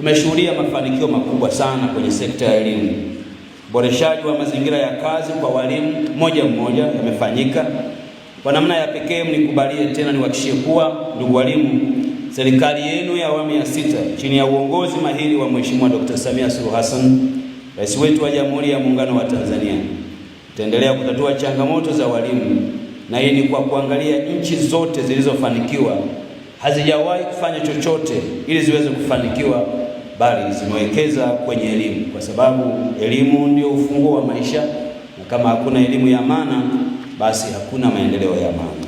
Tumeshuhudia mafanikio makubwa sana kwenye sekta ya elimu. Uboreshaji wa mazingira ya kazi kwa walimu moja mmoja yamefanyika kwa namna ya pekee. Mnikubalie tena niwahakikishie kuwa, ndugu walimu, serikali yenu ya awamu ya sita chini ya uongozi mahiri wa Mheshimiwa Dr. Samia Suluhu Hassan, rais wetu wa Jamhuri ya Muungano wa Tanzania, itaendelea kutatua changamoto za walimu, na hii ni kwa kuangalia nchi zote zilizofanikiwa hazijawahi kufanya chochote ili ziweze kufanikiwa bali zimewekeza kwenye elimu, kwa sababu elimu ndio ufunguo wa maisha, na kama hakuna elimu ya maana, basi hakuna maendeleo ya maana.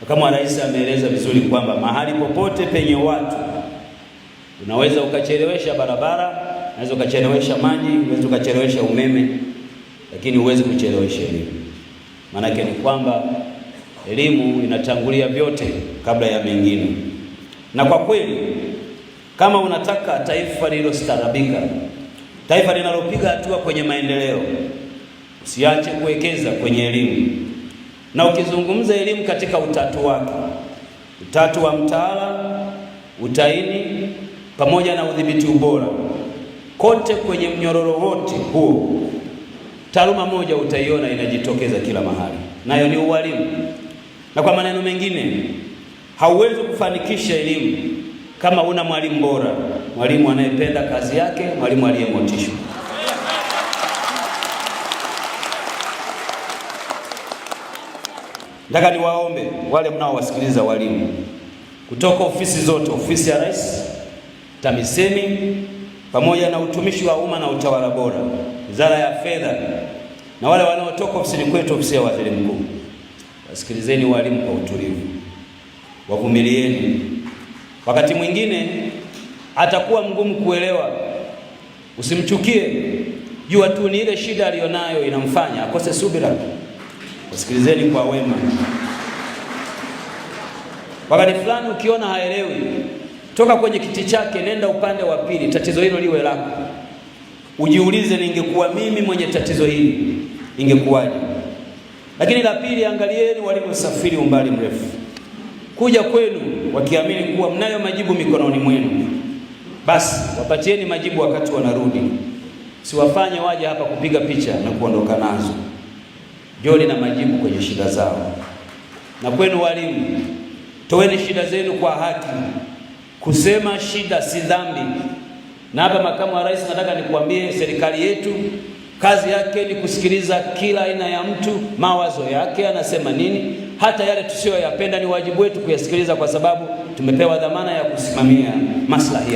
Makamu Rais ameeleza vizuri kwamba mahali popote penye watu, unaweza ukachelewesha barabara, unaweza ukachelewesha maji, unaweza ukachelewesha umeme, lakini huwezi kuchelewesha elimu. Maanake ni kwamba elimu inatangulia vyote kabla ya mengine, na kwa kweli kama unataka taifa lililostarabika taifa linalopiga hatua kwenye maendeleo, usiache kuwekeza kwenye elimu. Na ukizungumza elimu katika utatu wake, utatu wa mtaala, utaini pamoja na udhibiti ubora, kote kwenye mnyororo wote huo, taaluma moja utaiona inajitokeza kila mahali, nayo ni ualimu. Na kwa maneno mengine, hauwezi kufanikisha elimu kama una mwalimu bora, mwalimu anayependa kazi yake, mwalimu aliyemotishwa. Nataka niwaombe wale mnaowasikiliza walimu kutoka ofisi zote, ofisi ya Rais, TAMISEMI pamoja na utumishi wa umma na utawala bora, Wizara ya Fedha na wale wanaotoka ofisini kwetu, ofisi ya Waziri Mkuu, wasikilizeni walimu kwa utulivu, wavumilieni wakati mwingine atakuwa mgumu kuelewa. Usimchukie, jua tu ni ile shida aliyonayo inamfanya akose subira. Usikilizeni kwa wema. Wakati fulani ukiona haelewi, toka kwenye kiti chake, nenda upande wa pili, tatizo hilo liwe lako. Ujiulize, ningekuwa mimi mwenye tatizo hili ingekuwaje? Lakini la pili, angalieni walivyosafiri umbali mrefu kuja kwenu wakiamini kuwa mnayo majibu mikononi mwenu, basi wapatieni majibu wakati wanarudi. Siwafanye waje hapa kupiga picha na kuondoka nazo. Joli na majibu kwenye shida zao. Na kwenu walimu, toeni shida zenu kwa haki. Kusema shida si dhambi. Na hapa, makamu wa rais, nataka nikuambie serikali yetu Kazi yake ni kusikiliza kila aina ya mtu, mawazo yake, anasema nini. Hata yale tusiyoyapenda ni wajibu wetu kuyasikiliza, kwa sababu tumepewa dhamana ya kusimamia maslahi ya